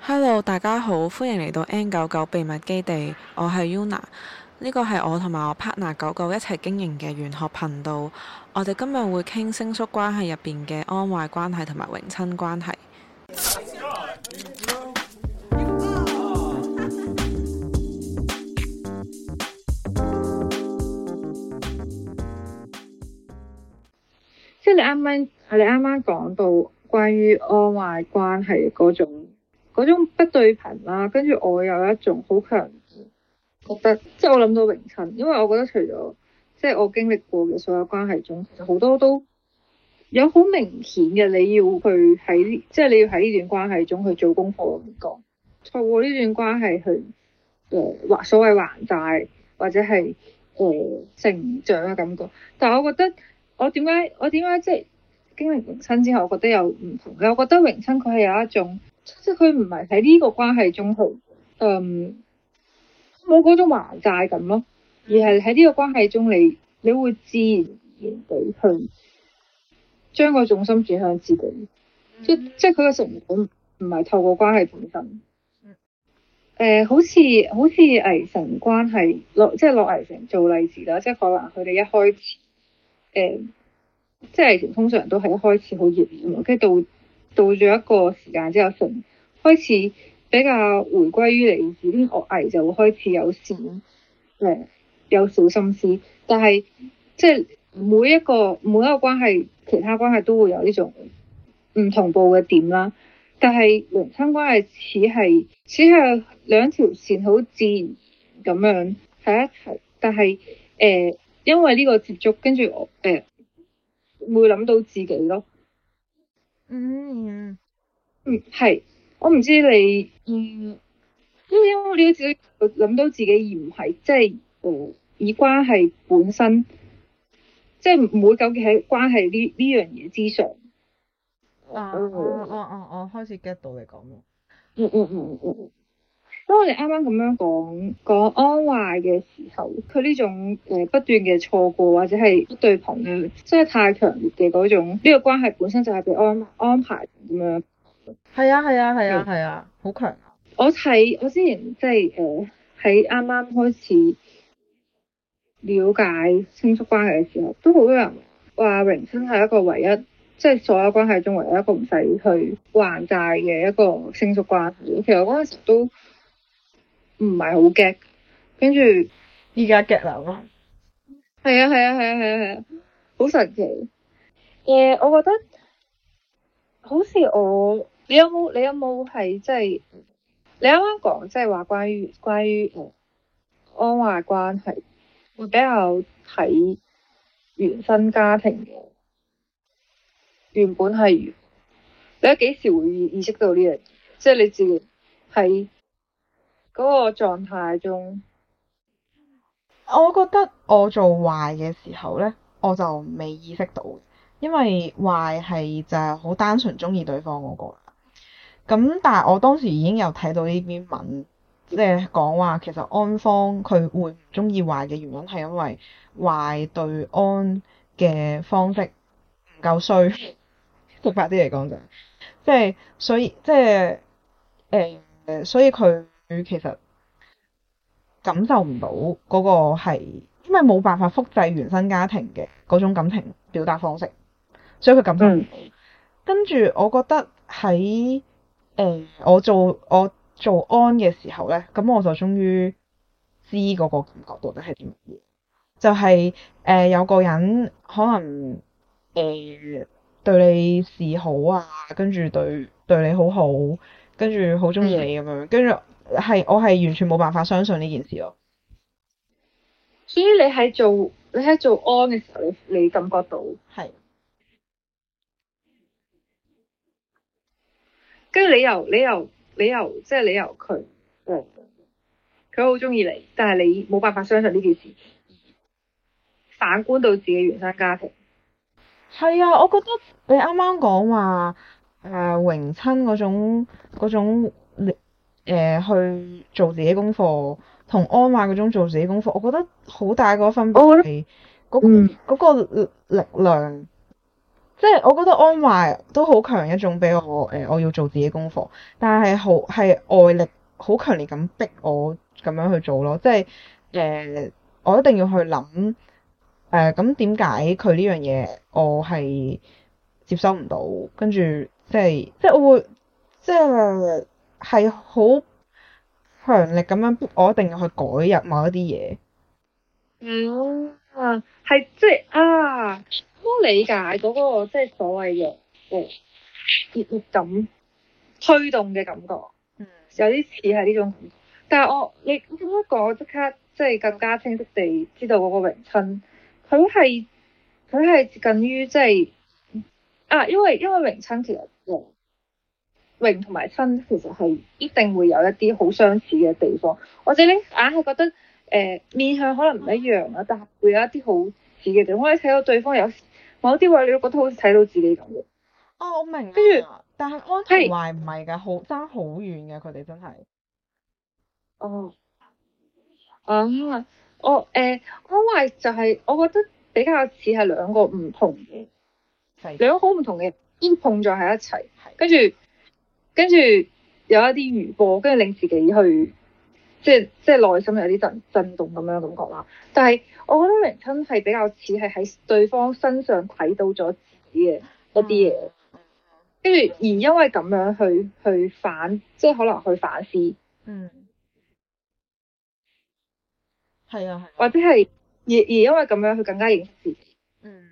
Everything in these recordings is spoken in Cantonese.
Hello，大家好，歡迎嚟到 N 九九秘密基地，我係 u n a 呢個係我同埋我 partner 九九一齊經營嘅玄學頻道。我哋今日會傾星宿關係入邊嘅安壞關係同埋榮親關係。即係你啱啱我哋啱啱講到關於安壞關係嗰種。嗰種不對頻啦、啊，跟住我有一種好強覺得，即、就、係、是、我諗到榮親，因為我覺得除咗即係我經歷過嘅所有關係中，其實好多都有好明顯嘅你要去喺即係你要喺呢段關係中去做功課嚟講，透過呢段關係去誒或、呃、所謂還債或者係誒、呃、成長嘅感覺。但係我覺得我點解我點解即係經歷榮親之後，我覺得有唔同嘅。我覺得榮親佢係有一種。即係佢唔係喺呢個關係中度，嗯，冇嗰種還債咁咯，而係喺呢個關係中你，你你會自然而然地去將個重心轉向自己，即即係佢嘅成本唔係透過關係本身。誒、呃，好似好似危成關係，樂即係落危成做例子啦，即係可能佢哋一開始，誒、呃，即係通常都係一開始好熱烈，跟住到。到咗一個時間之後，從開始比較回歸於理智，啲惡藝就會開始有少，誒、呃，有小心思。但係即係每一個每一個關係，其他關係都會有呢種唔同步嘅點啦。但係榮親關係似係只係兩條線好自然咁樣喺一齊。但係誒、呃，因為呢個接觸，跟住我誒會諗到自己咯。嗯，嗯嗯、mm，係、hmm.，我唔知你，嗯，都因為你自己諗到自己而唔係，即、就、係、是，哦、嗯，以關係本身，即係唔會糾結喺關係呢呢樣嘢之上。哦哦哦哦，開始 get 到你講咩、嗯？嗯嗯嗯嗯嗯。嗯嗯嗯。當我哋啱啱咁樣講講安壞嘅時候，佢呢種誒、呃、不斷嘅錯過或者係不對碰咧，真係太強烈嘅嗰種。呢、這個關係本身就係被安安排咁樣。係啊係啊係啊係啊，好強、啊。我睇，我之前即係誒喺啱啱開始了解星宿關係嘅時候，都好多人話榮親係一個唯一，即、就、係、是、所有關係中唯一一個唔使去還債嘅一個星宿關係。其實我嗰時都～唔係好 get，跟住依家 get 啦。係啊係啊係啊係啊係啊，好、啊啊啊、神奇。誒，uh, 我覺得好似我，你有冇你有冇係即係？你啱啱講即係話關於關於安壞關係，會比較睇原生家庭嘅。原本係你有幾時會意識到呢樣？即係你自己喺。嗰個狀態中，我覺得我做壞嘅時候呢，我就未意識到，因為壞係就係好單純鍾意對方嗰、那個。咁但係我當時已經有睇到呢篇文，即係講話其實安方佢會唔鍾意壞嘅原因係因為壞對安嘅方式唔夠衰。直白啲嚟講就即係所以，即係誒、呃、所以佢。佢其實感受唔到嗰個係，因為冇辦法複製原生家庭嘅嗰種感情表達方式，所以佢感受唔到。嗯、跟住我覺得喺誒、欸、我做我做安嘅時候呢，咁我就終於知嗰個感覺到底係啲乜嘢，嗯、就係、是、誒、呃、有個人可能誒、欸、對你示好啊，跟住對對你好好，跟住好中意你咁樣，嗯、跟住。係，我係完全冇辦法相信呢件事咯。所以你喺做你喺做安嘅時候，你你感覺到係。跟住你又你又你又即係你由。佢，佢好中意你，但係你冇辦法相信呢件事。反觀到自己原生家庭，係啊，我覺得你啱啱講話誒榮親嗰種嗰種。誒、呃、去做自己功課，同安壞嗰種做自己功課，我覺得好大分別，嗰個分別係嗰個力量，即係我覺得安壞都好強一種俾我誒、呃，我要做自己功課，但係好係外力好強烈咁逼我咁樣去做咯，即係誒、呃、我一定要去諗誒咁點解佢呢樣嘢我係接收唔到？跟住即係即係我會即係。係好強力咁樣，我一定要去改入某一啲嘢。哦、嗯，係即係啊，都理解嗰、那個即係所謂嘅熱烈感推動嘅感覺。嗯，有啲似係呢種，但係我你你點樣講，那個、即刻即係更加清晰地知道嗰個榮親，佢係佢係接近於即係啊，因為因為榮親其實。榮同埋親其實係一定會有一啲好相似嘅地方，或者你硬係覺得誒、呃、面向可能唔一樣啦，啊、但係會有一啲好似嘅地方。我哋睇到對方有某啲位，你都覺得好似睇到自己咁喎。哦，我明。跟住著，但係安同埋壞唔係㗎，好爭好遠嘅。佢哋真係。哦，啊，哦呃、我誒安壞就係我覺得比較似係兩個唔同嘅的兩個好唔同嘅嘢碰撞喺一齊，的跟住。跟住有一啲餘波，跟住令自己去，即係即係內心有啲震震動咁樣感覺啦。但係我覺得榮親係比較似係喺對方身上睇到咗自己嘅一啲嘢，跟住、嗯、而因為咁樣去去反，即係可能去反思。嗯。係啊係。啊，或者係而而因為咁樣，去更加認識自己。嗯。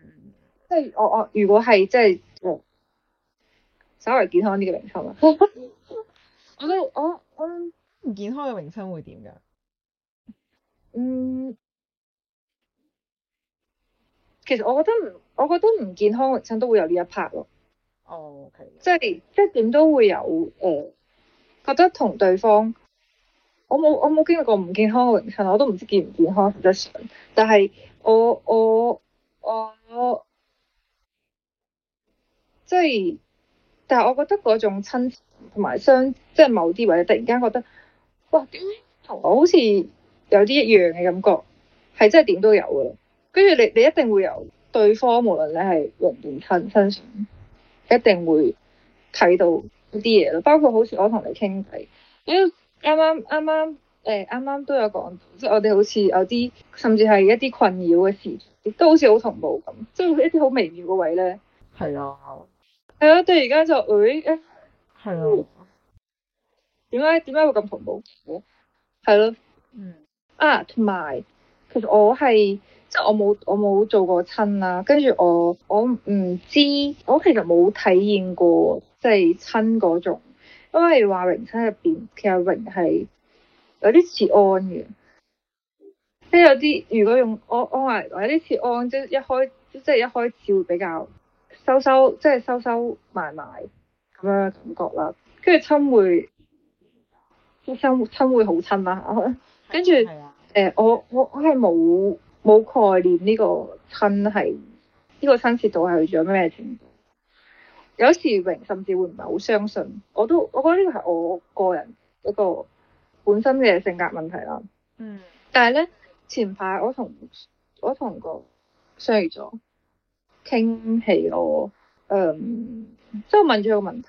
即係我我如果係即係。稍為健康啲嘅名稱啊！ 我都我我唔健康嘅名稱會點㗎？嗯，其實我覺得唔，我覺得唔健康嘅名稱都會有呢一 part 咯。哦 Okay.，即係即係點都會有誒、呃，覺得同對方，我冇我冇經歷過唔健康嘅名稱，我都唔知健唔健康，但係我我我，我，我即係。但係我覺得嗰種親同埋相，即係某啲位突然間覺得，哇，點解同我好似有啲一樣嘅感覺？係真係點都有嘅，跟住你你一定會有對方，無論你係遠近親身上，一定會睇到啲嘢咯。包括好似我同你傾偈，啱啱啱啱誒，啱啱、欸，都有講到即係我哋好似有啲甚至係一啲困擾嘅事情，亦都好似好同步咁，即係一啲好微妙嘅位咧。係啊。係咯，對而家就誒，係啊，點解點解會咁恐怖？係咯，嗯啊，同埋，其實我係即係我冇我冇做過親啦，跟住我我唔知，我其實冇體驗過即係親嗰種，因為話榮親入邊，其實榮係有啲似安嘅，即係有啲如果用我我話有啲似安，即係一開即係一開始會比較。收收，即係收收埋埋咁樣感覺啦。跟住親會，啲親親會好親啦。跟 住著，誒、欸，我我我係冇冇概念，呢個親係，呢、這個親切度係去咗咩程度？有時榮甚至會唔係好相信。我都，我覺得呢個係我個人一個本身嘅性格問題啦。嗯。但係咧，前排我同我同個雙魚座。傾氣咯，嗯，即係我問咗一個問題，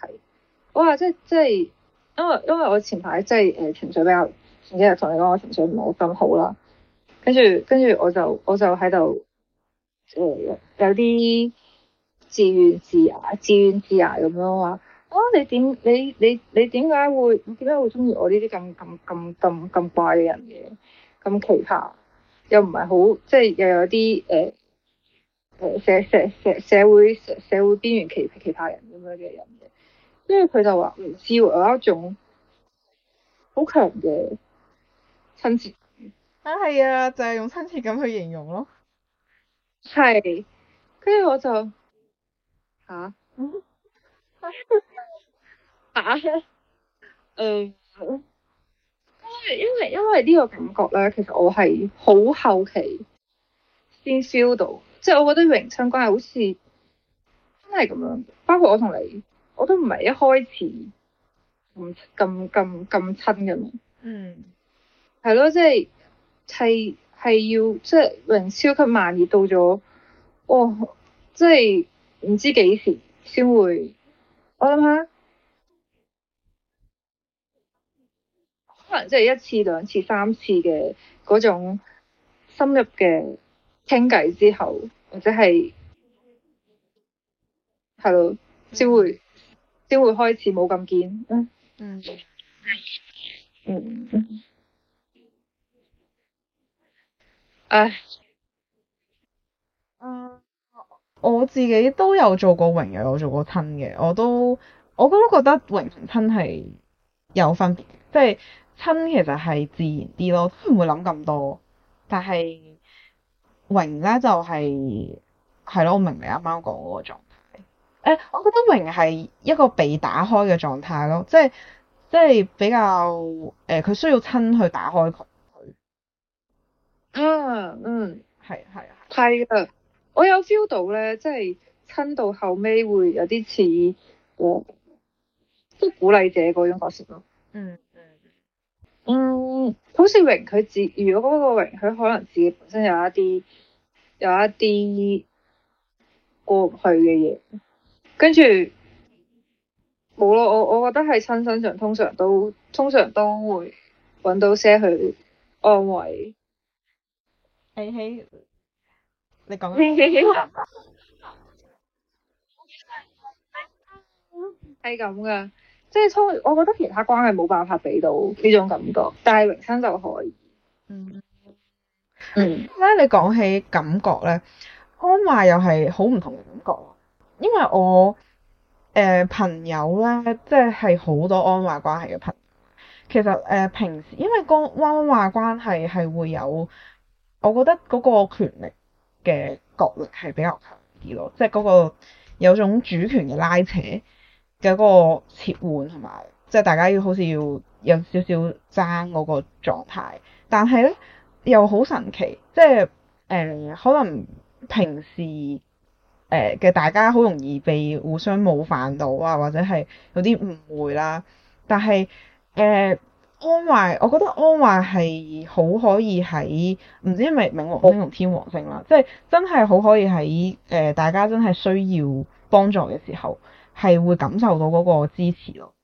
我話即係即係，因、哦、為因為我前排即係誒、呃、情緒比較，前幾日同你講我情緒唔係好咁好啦，跟住跟住我就我就喺度誒有啲自怨自艾，自怨自艾咁樣話，啊、哦、你點你你你點解會你點解會中意我呢啲咁咁咁咁咁怪嘅人嘅？咁奇葩，又唔係好即係又有啲誒。呃社社社社會社社會邊緣其其他人咁樣嘅人嘅，跟住佢就話唔知會有一種好強嘅親切啊，係啊，就係、是、用親切咁去形容咯，係。跟住我就吓，打啊，誒、嗯 啊 嗯， 因為因為呢個感覺咧，其實我係好後期先 feel 到。即係我覺得榮親關係好似真係咁樣，包括我同你，我都唔係一開始咁咁咁咁親嘅，嗯，係咯，即係係係要即係榮超級慢熱到咗，哦，即係唔知幾時先會，我諗下，可能即係一次、兩次、三次嘅嗰種深入嘅。傾偈之後，或者係係咯，先會先會開始冇咁見。嗯嗯嗯。啊、嗯。唉 uh, 我自己都有做過榮又有做過親嘅，我都我都覺得榮親係有分別，即係親其實係自然啲咯，都唔會諗咁多，但係。榮咧就係係咯，我明你啱啱講嗰個狀態。誒，我覺得榮係一個被打開嘅狀態咯，即係即係比較誒，佢、呃、需要親去打開佢、啊。嗯嗯，係係啊，係噶，我有 feel 到咧，即係親到後尾會有啲似我，即都鼓勵者嗰種角色咯。嗯。嗯，好似榮佢自如果嗰個榮佢可能自己本身有一啲有一啲過唔去嘅嘢，跟住冇咯。我我覺得喺親身上通常都通常都會搵到些佢安慰。嘿嘿、hey, hey,，你講啊。係咁㗎。即係初，我覺得其他關係冇辦法俾到呢種感覺，種但係榮親就可以。嗯，嗯。咧你講起感覺咧，安壞又係好唔同嘅感覺。因為我誒、呃、朋友咧，即係係好多安壞關係嘅朋友。其實誒、呃、平時，因為個安壞關係係會有，我覺得嗰個權力嘅角力係比較強啲咯。即係嗰個有種主權嘅拉扯。嘅嗰個切換同埋，即係大家要好似要有少少爭嗰個狀態，但係咧又好神奇，即係誒、呃、可能平時誒嘅、呃、大家好容易被互相冒犯到啊，或者係有啲誤會啦。但係誒、呃、安壞，我覺得安壞係好可以喺唔知係咪冥王星同天王星啦，哦、即係真係好可以喺誒、呃、大家真係需要幫助嘅時候。係會感受到嗰個支持咯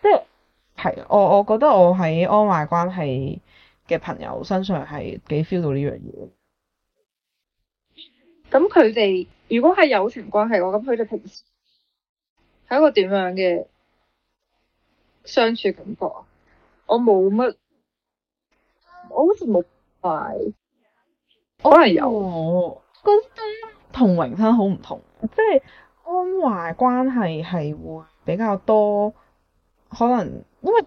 即係是係我我覺得我喺安壞關係嘅朋友身上係幾 feel 到呢樣嘢。咁佢哋如果係友情關係咯咁佢哋平時係一個點樣嘅相處感覺啊？我冇乜，我好似冇壞，哦、我係有，覺得同榮親好唔同，即係。安壞關係係會比較多，可能因為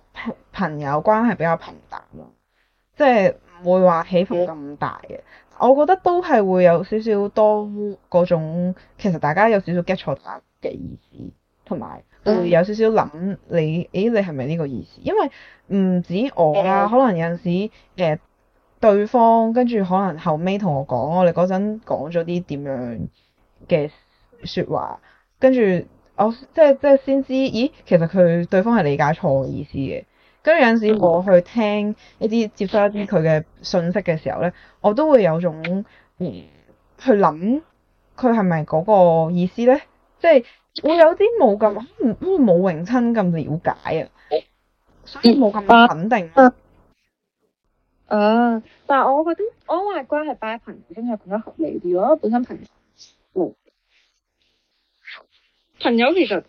朋友關係比較平淡咯，嗯、即係唔會話起伏咁大嘅。嗯、我覺得都係會有少少多嗰種，其實大家有少少 get 錯答嘅意思，同埋會有少少諗你，誒、欸、你係咪呢個意思？因為唔止我啦，嗯、可能有陣時誒對方跟住可能後尾同我講，我哋嗰陣講咗啲點樣嘅說話。跟住我即係即係先知，咦，其實佢對方係理解錯嘅意思嘅。跟住有陣時我去聽一啲接收一啲佢嘅信息嘅時候咧，我都會有種嗯去諗佢係咪嗰個意思咧，即係會有啲冇咁唔冇榮親咁了解啊，所以冇咁肯定。誒啊，啊啊但係我覺得安壞關係拜朋友，先係更加合理啲咯，本身朋友。朋友其實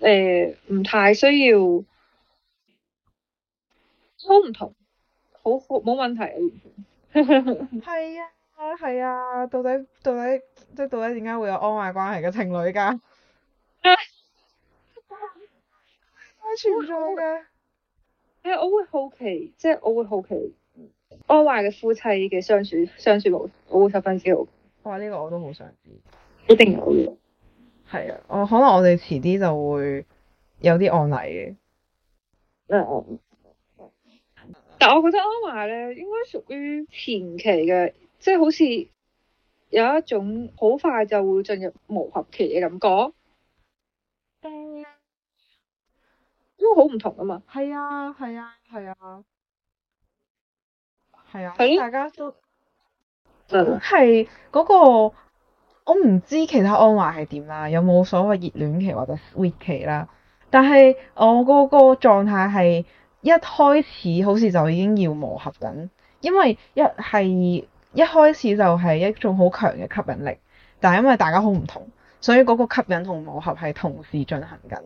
誒唔、呃、太需要，都唔同，好好冇問題。係 啊係啊,啊，到底到底即係到底點解會有安壞關係嘅情侶㗎？存在嘅。誒，我會好奇，即、就、係、是、我會好奇安壞嘅夫妻嘅相處相處路，我會十分之好奇。呢、這個我都好想知一定有嘅。係啊，我可能我哋遲啲就會有啲案例嘅。因為、嗯、但我覺得安壞咧，應該屬於前期嘅，即係好似有一種好快就會進入磨合期嘅感覺。誒、嗯，因為好唔同啊嘛。係啊係啊係啊，係啊，啊啊嗯、大家都，係嗰、嗯那個。我唔知其他安壞係點啦，有冇所謂熱戀期或者 sweet 期啦？但係我嗰個狀態係一開始好似就已經要磨合緊，因為一係一開始就係一種好強嘅吸引力，但係因為大家好唔同，所以嗰個吸引同磨合係同時進行緊，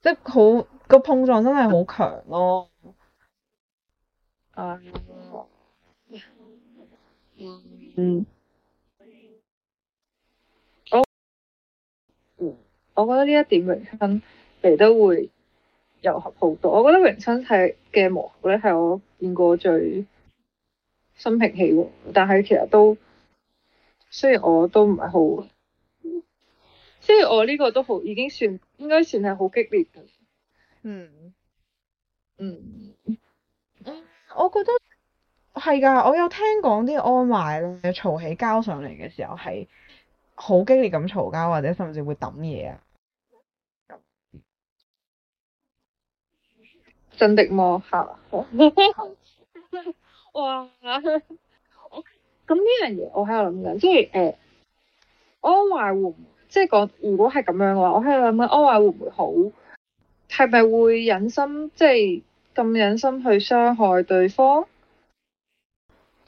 即係好個碰撞真係好強咯。啊，嗯。嗯我覺得呢一點榮親嚟都會有好多。我覺得榮親係嘅磨咧係我見過最心平氣和，但係其實都雖然我都唔係好，雖然我呢個都好已經算應該算係好激烈嘅。嗯嗯，我我覺得係㗎，我有聽講啲安壞咧嘈起交上嚟嘅時候係好激烈咁嘈交，或者甚至會抌嘢啊！真的麼？嚇！ 哇！咁呢樣嘢我喺度諗緊，即係誒，安、欸、壞會，會即係講，如果係咁樣嘅話，我喺度諗緊安壞會唔會好？係咪會忍心即係咁忍心去傷害對方？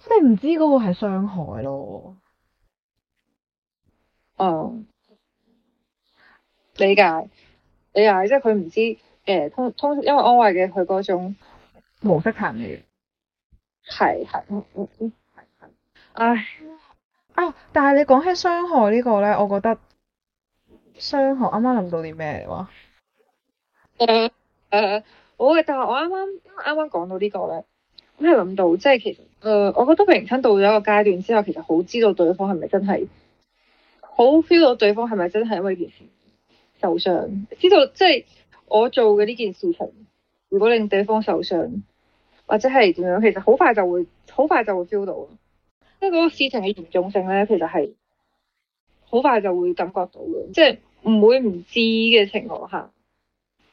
佢哋唔知嗰個係傷害咯。嗯，理解，理解，即係佢唔知。誒，通通因為安慰嘅佢嗰種模式談嚟嘅，係係、嗯，唉，啊！但係你講起傷害個呢個咧，我覺得傷害剛剛。啱啱諗到啲咩話？我嘅，但係我啱啱因啱啱講到個呢個咧，我係諗到即係其實誒，我覺得榮親到咗一個階段之後，其實好知道對方係咪真係好 feel 到對方係咪真係因為件事受傷，知道即係。我做嘅呢件事情，如果令對方受傷，或者係點樣，其實好快就會好快就會 feel 到，即係嗰個事情嘅嚴重性咧，其實係好快就會感覺到嘅，即係唔會唔知嘅情況下，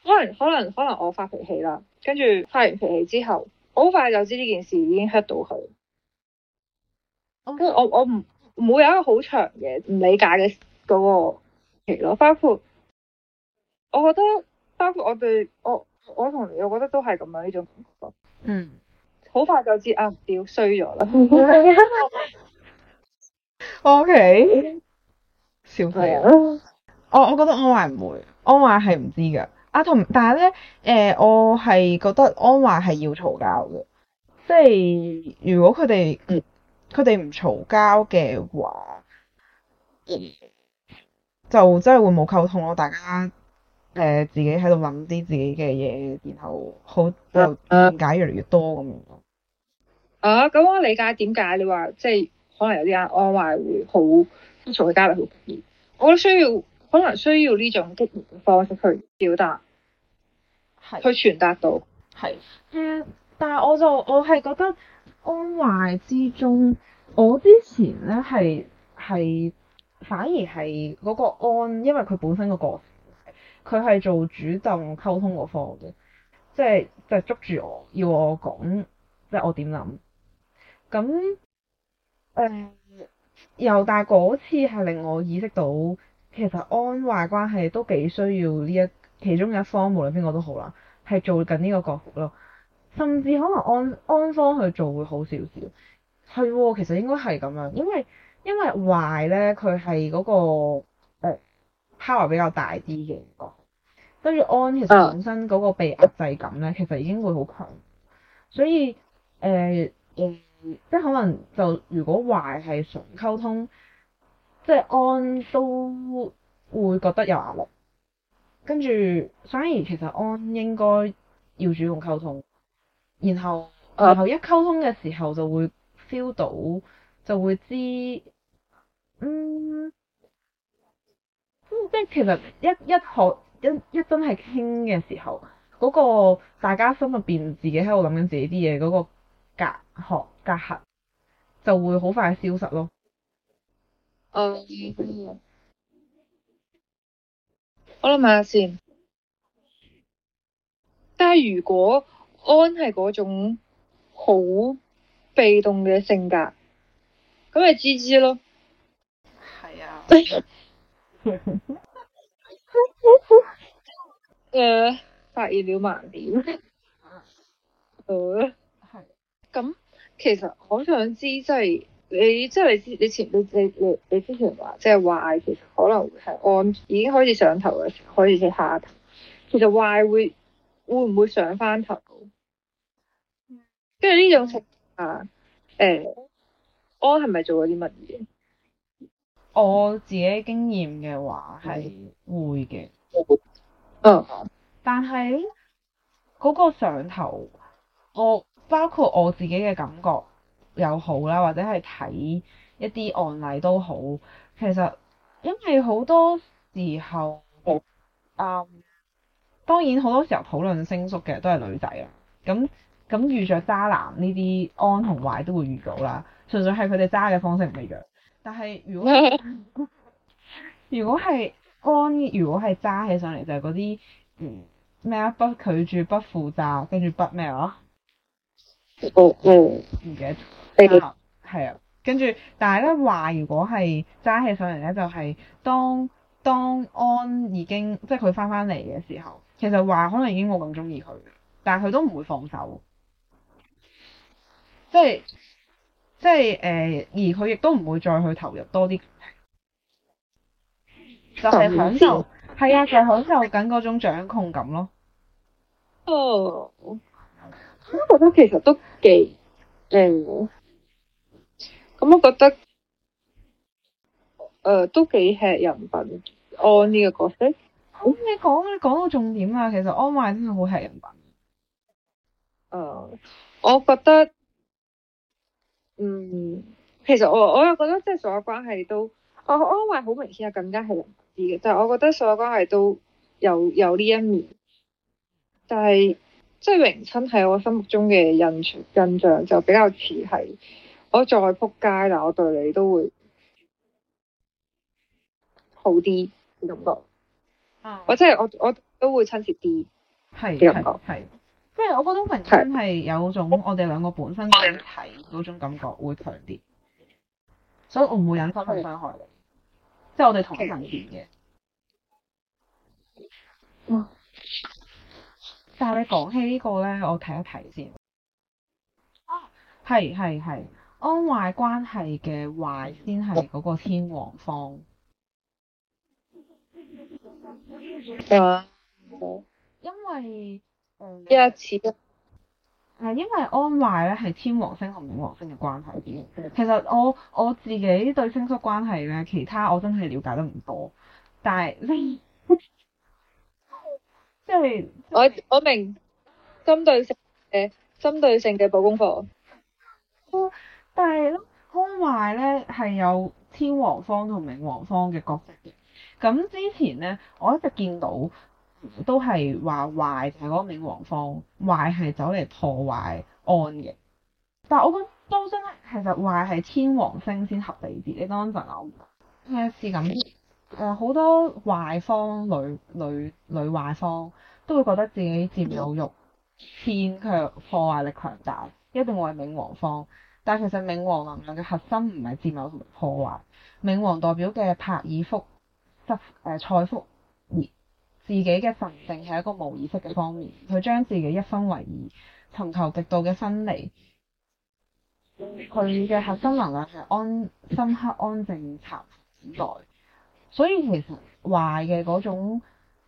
可能可能可能我發脾氣啦，跟住發完脾氣之後，我好快就知呢件事已經 hurt 到佢，跟住我我唔唔會有一個好長嘅唔理解嘅嗰個期咯，包括我覺得。包括我哋，我我同你，覺得都係咁樣呢種感覺。嗯，好快就知啊！屌衰咗啦。O K，笑死啊。我我覺得安壞唔會，安壞係唔知噶。阿、啊、同，但係咧，誒、呃，我係覺得安壞係要嘈交嘅。即係、就是、如果佢哋唔佢哋唔嘈交嘅話，就真係會冇溝通咯，大家。誒、呃、自己喺度諗啲自己嘅嘢，然後好就理解越嚟越多咁樣咯。啊，咁樣、啊、我理解點解你話即係可能有啲安壞會好都從佢加嚟好激，我需要可能需要呢種激烈嘅方式去表達，係是去傳達到係係、呃、但係我就我係覺得安壞之中，我之前咧係係反而係嗰個安，因為佢本身個佢係做主動溝通嗰方嘅，即係就捉住我要我講，即係我點諗。咁誒又，但係嗰次係令我意識到，其實安壞關係都幾需要呢一其中一方，無論邊個都好啦，係做緊呢個角色咯。甚至可能安安方去做會好少少。係喎，其實應該係咁樣，因為因為壞咧，佢係嗰個 power 比較大啲嘅。跟住安其實本身嗰個被壓制感咧，其實已經會好強，所以誒誒、呃嗯，即係可能就如果話係純溝通，即係安都會覺得有壓力，跟住反而其實安應該要主動溝通，然後然後一溝通嘅時候就會 feel 到就會知，嗯，即係其實一一學。一一真係傾嘅時候，嗰個大家心入邊自己喺度諗緊自己啲嘢，嗰個隔殼隔閡就會好快消失咯。誒，okay. 我諗下先。但係如果安係嗰種好被動嘅性格，咁咪知知咯。係啊。好好，誒，發現了盲點。誒，係。咁其實我想知，即、就、係、是、你，即係你之你前你前你你，你之前話即係壞，其實可能係安已經開始上頭嘅時候，開始下頭。其實壞會會唔會上翻頭？跟住呢種情況，誒、呃，安係咪做咗啲乜嘢？我自己經驗嘅話係會嘅，嗯，但係嗰個上頭，我包括我自己嘅感覺又好啦，或者係睇一啲案例都好，其實因為好多時候，嗯，當然好多時候討論星宿嘅都係女仔啦，咁咁遇着渣男，呢啲安同壞都會遇到啦，純粹係佢哋渣嘅方式唔一樣。但係如果 如果係安，如果係揸起上嚟就係嗰啲嗯，咩啊，不拒絕不負責，跟住不咩啊，嗯，唔記得係啊，跟住但係咧話，如果係揸起上嚟咧就係、是、當當安已經即係佢翻翻嚟嘅時候，其實話可能已經冇咁中意佢，但係佢都唔會放手，即係。即係誒、呃，而佢亦都唔會再去投入多啲，就係享受係、嗯、啊，就是、享受緊嗰種掌控感咯。哦，我都覺得其實都幾靚，咁、嗯、我覺得誒、呃、都幾吃人品。按呢個角色，咁、嗯嗯、你講你講到重點啊，其實安壞真係好吃人品。誒、嗯，我覺得。嗯，其實我我又覺得即係所有關係都，我安壞好明顯係更加係人啲嘅，但係我覺得所有關係都有有呢一面，但係即係榮親喺我心目中嘅印象印象就比較似係，我再撲街啦，但我對你都會好啲感覺，啊、嗯，我即係我我都會親切啲，嘅感覺，係係。即係我覺得本身係有種我哋兩個本身點睇嗰種感覺會強啲，所以我唔會引申去傷害你，即係我哋同一陣線嘅。但係你講起呢個咧，我睇一睇先。哦、啊，係係係，安壞關係嘅壞先係嗰個天王方。啊，嗎。因為。因為似，係、嗯、因為安壞咧係天王星同冥王星嘅關係。其實我我自己對星宿關係咧，其他我真係了解得唔多。但係，即 係、就是、我我明針對性嘅針對性嘅補功課。但係咧，安壞咧係有天王方同冥王方嘅角色嘅。咁之前咧，我一直見到。都係話壞就係、是、嗰個冥王方，壞係走嚟破壞安嘅。但係我覺得都真，當真其實壞係天王星先合理啲。你當陣我試緊誒好多壞方女女女壞方都會覺得自己佔有欲、偏強，破壞力強大，一定會係冥王方。但係其實冥王能量嘅核心唔係佔有同埋破壞，冥王代表嘅柏爾福、塞誒塞福熱。而自己嘅神性係一個無意識嘅方面，佢將自己一分為二，尋求極度嘅分離。佢嘅核心能量係安深刻安靜沉待，所以其實壞嘅嗰種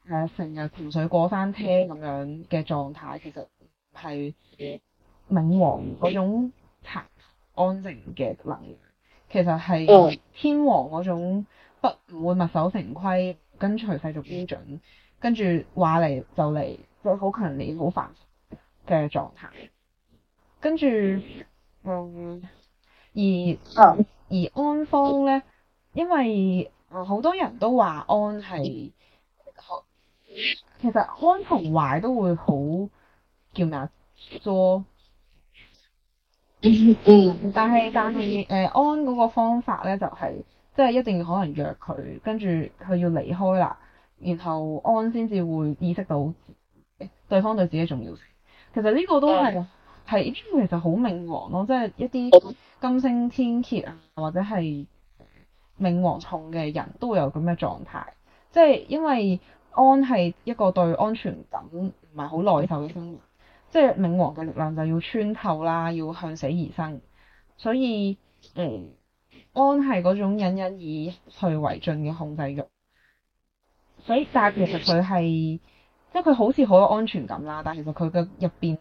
誒成日情緒過山車咁樣嘅狀態，其實係冥王嗰種沉安靜嘅能量，其實係天王嗰種不唔會墨守成規，跟隨世俗標準。跟住話嚟就嚟，就好強烈、好煩嘅狀態。跟住，嗯，而而安方咧，因為好、嗯、多人都話安係，其實安同壞都會好叫咩啊？作嗯，但係但係誒、呃、安嗰個方法咧，就係即係一定要可能約佢，跟住佢要離開啦。然後安先至會意識到對方對自己重要性，其實呢個都係係呢個其實好冥王咯，即係一啲金星天蠍啊，或者係冥王重嘅人都會有咁嘅狀態，即係因為安係一個對安全感唔係好耐受嘅人，嗯、即係冥王嘅力量就要穿透啦，要向死而生，所以嗯安係嗰種隱隱以退為進嘅控制欲。所以但係其實佢係，即係佢好似好有安全感啦，但係其實佢嘅入邊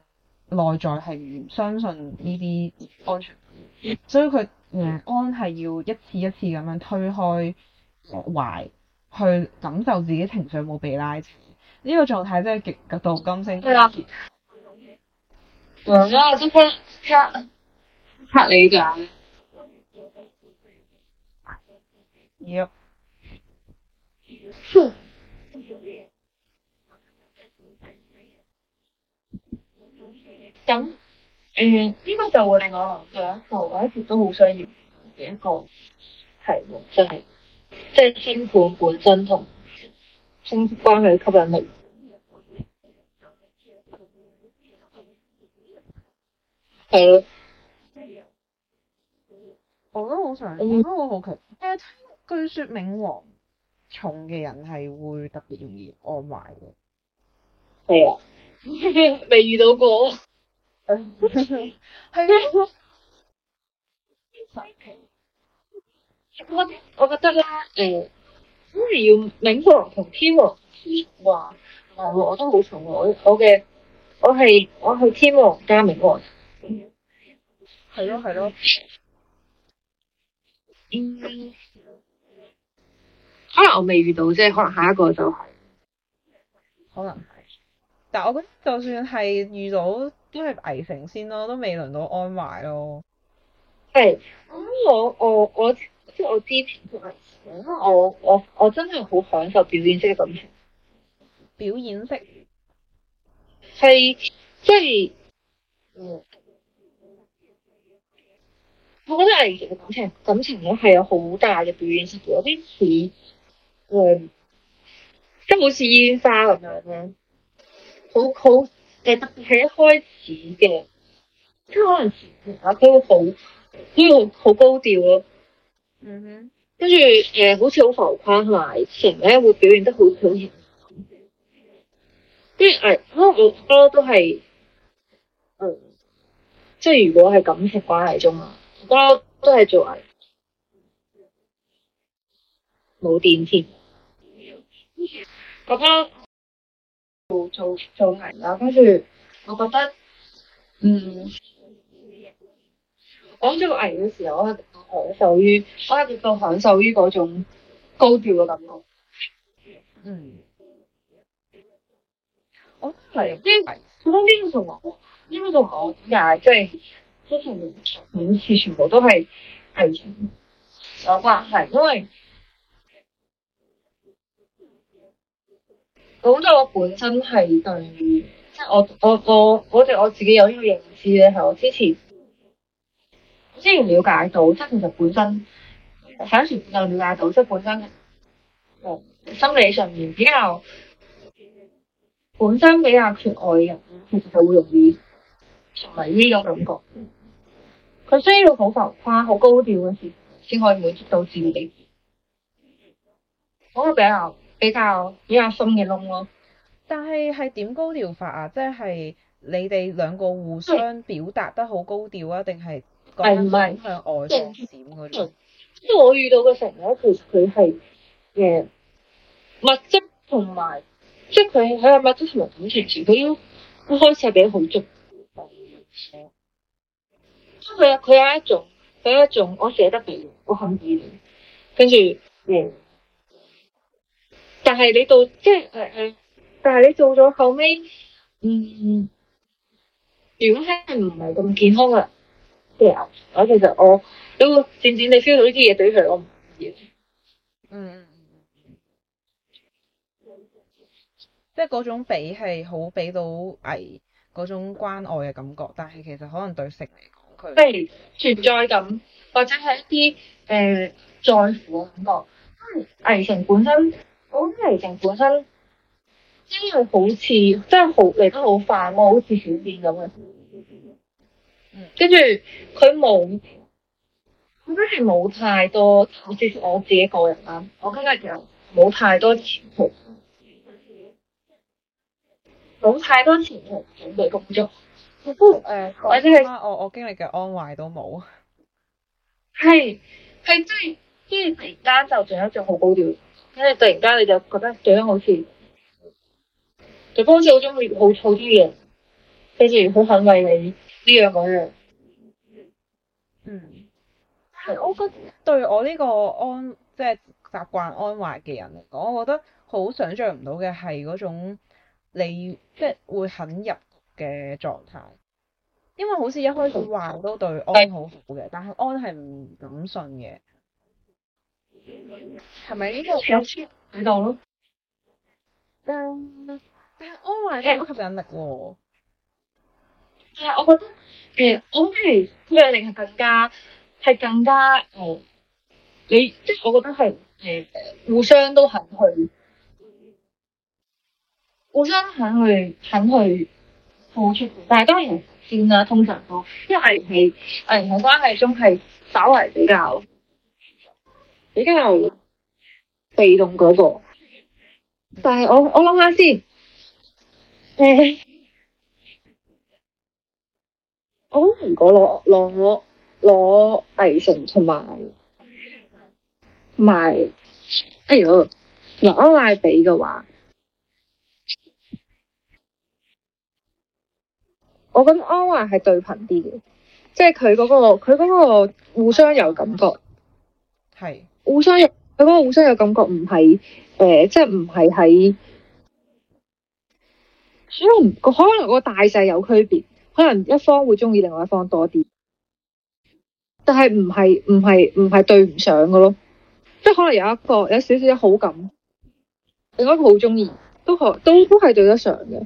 內在係唔相信呢啲安全感，所以佢唔安係要一次一次咁樣推開壞，去感受自己情緒冇被拉扯，呢、這個狀態真係極度金星。好啦了，我先拍拍你㗎、這個。 Yeah . 咁誒，呢個、嗯、就會令我做、嗯、一個，我一直都好想要嘅一個，係喎、哦，即係即係天王本身同升職關係吸引力，係咯，我都好想，我都、嗯、好好奇。誒、嗯，據説冥王重嘅人係會特別容易安壞嘅，係啊、哦，未 遇到過。誒，係 的、呃、啊，我我覺得咧，誒，都係要冥王同天王，天王我都好重喎，我我嘅我係我去天王加冥王，係咯係咯，嗯，嗯，可能我未遇到，啫，可能下一個就係、是，可能，但係我覺得就算係遇到。都係危成先咯，都未輪到安壞咯。係咁，我我我即係我之前危成，因為我我我真係好享受表演式嘅感情。表演式係即係，嗯，我覺得危成嘅感情感情咧係有好大嘅表演式，有啲似，誒，即係好似煙花咁樣嘅，好好。係特別係一開始嘅，即係可能啊，佢會好，跟住好好高調咯，嗯哼、mm，跟住誒，好似好浮誇，同埋情咧會表現得好表現，跟住誒，因為、哎、可能我不嬲都係，嗯，即係如果係感情關係中啊，不嬲都係做藝，冇電添，不嬲。做做做危啦，跟住我覺得， 嗯，講危嘅時候，我係享受於，我一直都享受於嗰種高調嘅感覺。嗯，我真係啲，普通啲嘅同學喎，啲咩同學，點解即係通常每次全部都係係，又或者係因係。因為好多我本身係對，即係我我我嗰隻我自己有呢個認知嘅，係我之前之前了解到，即其實本身，反小朋友瞭解到，即係本身，心理上面比較本身比較缺愛嘅人，其實就會容易成為呢種感覺。佢、嗯、需要好浮誇、好高調嘅事，先可以滿足到自己。我會比較。比較比較深嘅窿咯，但係係點高調法啊？即係你哋兩個互相表達得好高調啊？定係係唔係向外上閃嗰種？即係我遇到嘅成日，其實佢係嘅物質同埋，即係佢喺個物質同埋感情前，佢要一開始係俾好足，即係佢有佢有一種佢一種我捨得俾我肯俾。跟住嗯。但係你到，即係誒誒，但係你做咗後尾，嗯，如果係唔係咁健康啊，即我其實我都漸漸地 feel 到呢啲嘢對佢，我唔知，嗯，即係嗰種比係好俾到危嗰種關愛嘅感覺，但係其實可能對食嚟講佢即係存在感，或者係一啲誒、呃、在乎嘅感覺，因、嗯、為危成本身。好嚟定本身，因為好似真係好嚟得好快我好似轉變咁嘅，跟住佢冇，佢真係冇太多，好似我自己個人啦。我傾偈之後冇太多前途，冇、嗯、太多前途嘅準備工作，誒、呃是，我經歷我我經歷嘅安壞都冇，係係即係，跟住而家就仲有一種好高調。因為突然間你就覺得對方好似對方好似好中意好躁啲嘢，譬如好，好肯為你呢樣嗰樣，嗯。但係我覺對我呢個安即係習慣安壞嘅人嚟講，我覺得好、就是、想象唔到嘅係嗰種你即係、就是、會肯入嘅狀態。因為好似一開始壞都對安好好嘅，對但係安係唔敢信嘅。係咪？呢喺度咯。但係安壞都好吸引力喎。係啊，我覺得誒，安壞嘅吸引力係更加係更加誒，嗯，你即係我覺得係誒，互相都肯去，互相肯去肯去付出。但係當然先啦，通常都即係係誒，喺關係中係稍為比較。比較被動嗰、那個，但係我我諗下先，誒，我想想、欸哦、如果攞攞攞危成同埋埋，哎如喲，嗱安壞比嘅話，我覺得安壞係對頻啲嘅，即係佢嗰個佢嗰個互相有感覺，係。互相有，佢講互相有感覺唔係，誒、呃，即係唔係喺，可能個可能個大細有區別，可能一方會中意另外一方多啲，但係唔係唔係唔係對唔上嘅咯，即係可能有一個有少少好感，另一個好中意，都可都都係對得上嘅，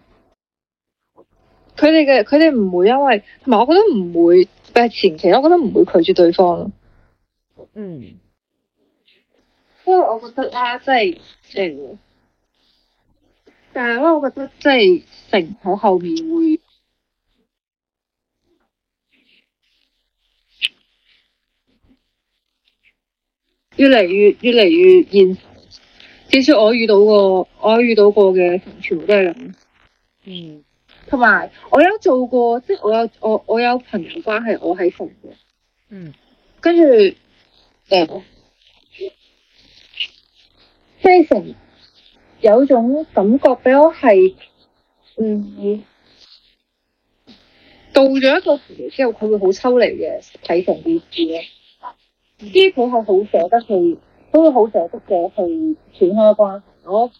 佢哋嘅佢哋唔會因為，同埋我覺得唔會，誒前期，我覺得唔會拒絕對方咯，嗯。因為我覺得啦，即係、嗯，但係咧，我覺得即係成好後面會越嚟越越嚟越現實。至少我遇到過，我遇到過嘅全部都係咁。嗯，同埋我有做過，即係我有我我有朋友關係，我喺逢嘅。嗯，跟住誒。非常，有種感覺俾我係，嗯，到咗一個時期之後，佢會好抽離嘅睇成件事咯。啲佢係好捨得去，都會好捨得嘅去轉開關係。我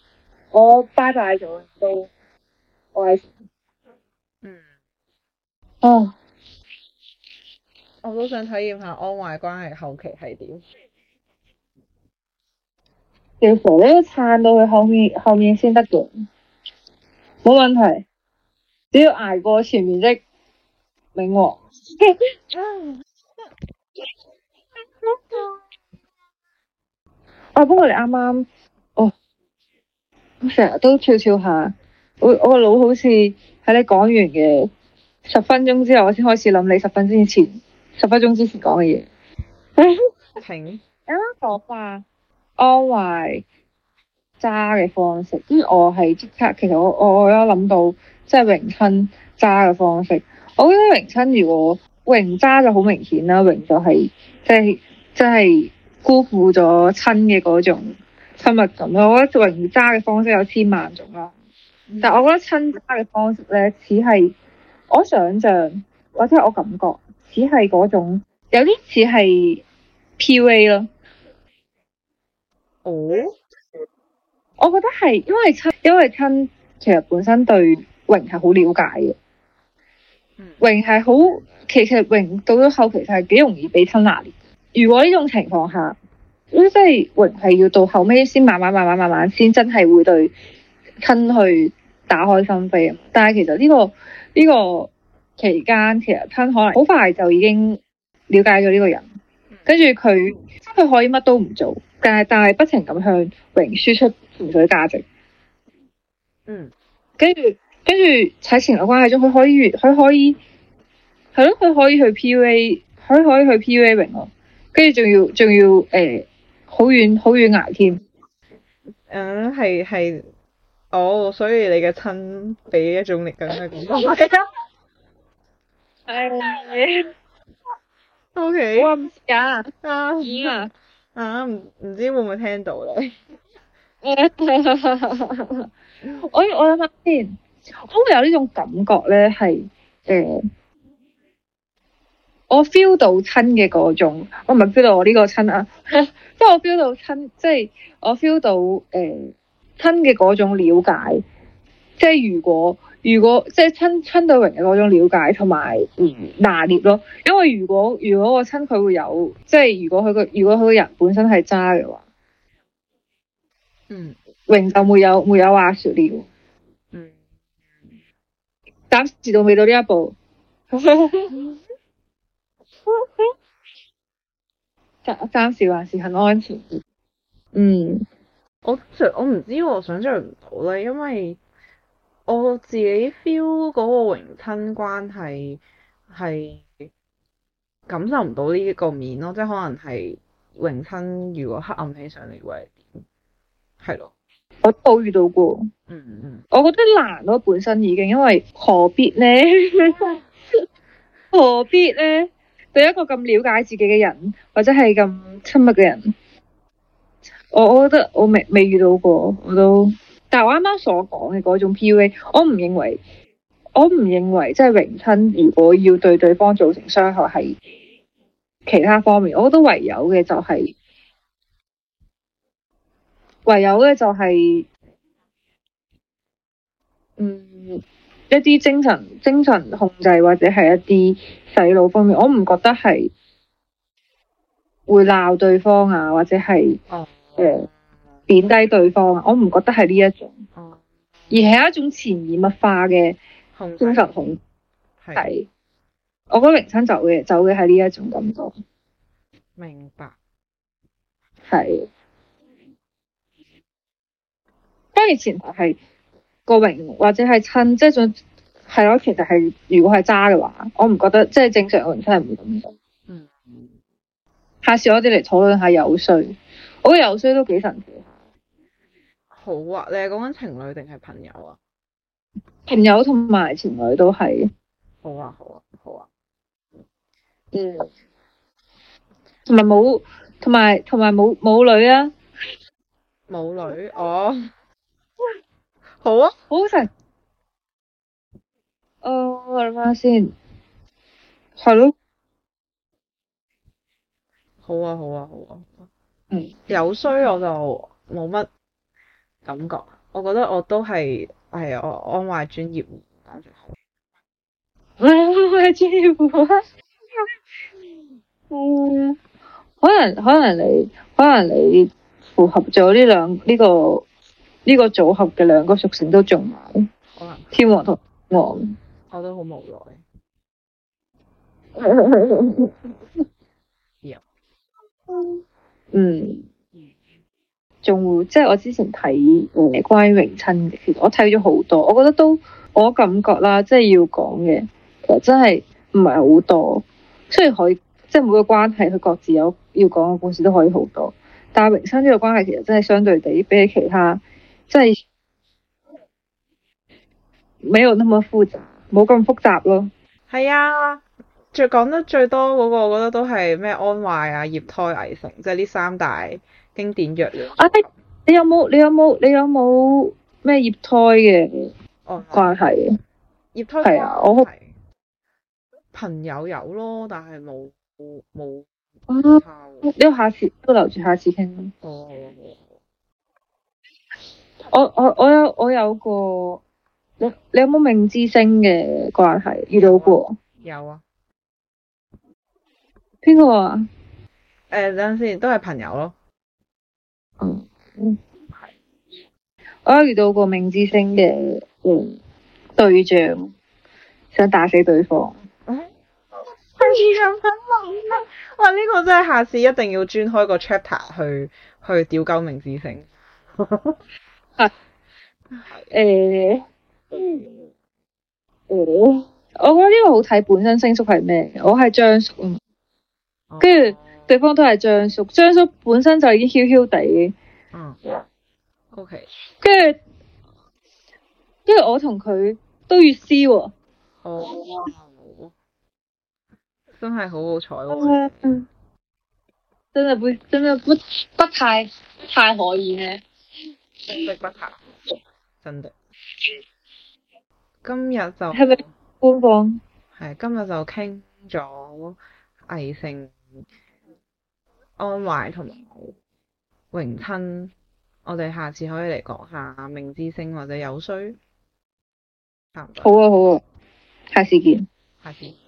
我拜拜咗都我係，嗯，哦、啊，我都想體驗下安壞關係後期係點。條火要撐到佢後面後面先得嘅，冇問題，只要挨過前面即明喎。 啊，不過你啱啱，哦，我成日都跳跳下，我我個腦好似喺你講完嘅十分鐘之後，我先開始諗你十分鐘之前十分鐘之前講嘅嘢。 停，啱啱講話。安慰渣嘅方式，因為咁我係即刻，其實我我我有諗到即係榮親渣嘅方式，我覺得榮親如果榮渣就好明顯啦，榮就係即係即係辜負咗親嘅嗰種親密感咯。我覺得榮渣嘅方式有千萬種啦，但係我覺得親渣嘅方式咧，似係我想象或者我感覺，似係嗰種有啲似係 PUA 咯。哦，oh? 我覺得係因為親，因為親其實本身對榮係好了解嘅，嗯、mm，榮係好其實榮到咗後期係幾容易俾親拿捏。如果呢種情況下，即係榮係要到後尾先慢慢慢慢慢慢先真係會對親去打開心扉啊。但係其實呢個呢個期間，其實親可能好快就已經了解咗呢個人，mm hmm. 跟住佢佢可以乜都唔做。但係但係不停咁向榮輸出情緒價值，嗯，跟住跟住喺情感關係中，佢可以佢可以係咯，佢可以去 PUA 佢可以去 PUA 榮咯，跟住仲要仲要誒，好遠好遠挨添，嗯係係，哦，所以你嘅親俾一種力量嘅感覺，係，O K，哇，點啊？啊，唔唔知會唔會聽到咧？ 我我諗下先，我會有呢種感覺咧，係、呃、誒，我 feel 到親嘅嗰種，我唔係 feel 到我呢個親啊，即 係 我 feel 到親，即、就、係、是、我 feel 到誒親嘅嗰種了解，即係如果。如果即係親親對榮嘅嗰種了解同埋嗯拿捏咯，因為如果如果我親佢會有即係如果佢個如果佢個人本身係渣嘅話，嗯榮就沒有沒有話說了，嗯，暫時都未到呢一步，暫暫 時還是很安全，嗯，我常我唔知，我，知我想象唔到咧，因為。我自己 feel 嗰個榮親關係係感受唔到呢一個面咯，即係可能係榮親如果黑暗起上嚟會係點係咯，我都遇到過。嗯嗯，我覺得難咯，本身已經因為何必呢？ 何必呢？對一個咁了解自己嘅人，或者係咁親密嘅人，我我覺得我未未遇到過，我都。但係我啱啱所講嘅嗰種 PUA，我唔認為，我唔認為即係榮親如果要對對方造成傷害，係其他方面，我覺得唯有嘅就係、是，唯有嘅就係、是，嗯，一啲精神精神控制或者係一啲洗腦方面，我唔覺得係會鬧對方啊，或者係，哦、呃，誒。貶低對方，我唔覺得係呢一種，而係一種潛移默化嘅精神控制。係、嗯，我覺得榮親就會就會係呢一種感覺。明白，係。當然前提係個榮或者係親，即係種係咯。其實係如果係渣嘅話，我唔覺得即係、就是、正常嘅榮親係唔會咁。嗯，下次我哋嚟討論下友衰，我覺得友衰都幾神奇。好啊！你係講緊情侶定係朋友啊？朋友同埋情侶都係、啊，好啊好啊好啊，嗯，同埋冇，同埋同埋冇冇女啊，冇女哦、oh. 啊啊，好啊好食！哦、oh,，我諗下先，Hello，好啊好啊好啊，好啊好啊嗯，有衰我就冇乜。感覺，我覺得我都係係我安壞專業戶，安壞專業嗯，可能可能你可能你符合咗呢兩呢個呢、這個組合嘅兩個屬性都仲埋，可能天王同冥王，我都好無奈， Yeah. 嗯。仲會即係我之前睇誒、嗯、關於榮親嘅，其實我睇咗好多，我覺得都我感覺啦，即係要講嘅，其實真係唔係好多。雖然可以即係每個關係佢各自有要講嘅故事都可以好多，但係榮親呢個關係其實真係相對地比其他即係沒有那麼複雜，冇咁複雜咯。係啊，最講得最多嗰、嗰個，我覺得都係咩安壞啊、業胎危成，即係呢三大。經典約了啊！你有冇你有冇你有冇咩業胎嘅關係？業、哦、胎係啊！的我好。朋友有咯，但係冇冇啊！你下次都留住，下次傾。哦，我我我有我有個你我你有冇命之星嘅關係、啊、遇到過？有啊。邊個啊？誒、呃，等陣先，都係朋友咯。我有遇到過命之星嘅對象，嗯、想打死對方。對象想明啊！我、這、呢個真係下次一定要專開個 chapter 去去屌鳩命之星。誒，我我覺得呢個好睇，本身星宿係咩？我係張宿，跟、嗯、住、嗯、對方都係張宿。張宿本身就已經悄悄地。嗯、uh,，OK，跟住，跟住我同佢都要撕喎。好、oh, wow. 真係好好彩喎。 真係不真係不不太太可以呢，真的不太，不太啊、 真的。今日就係咪官方？係今日就傾咗危成安壞同埋。榮親，我哋下次可以嚟講下命之星或者有衰，差唔多。好啊，好啊，下次見，下次。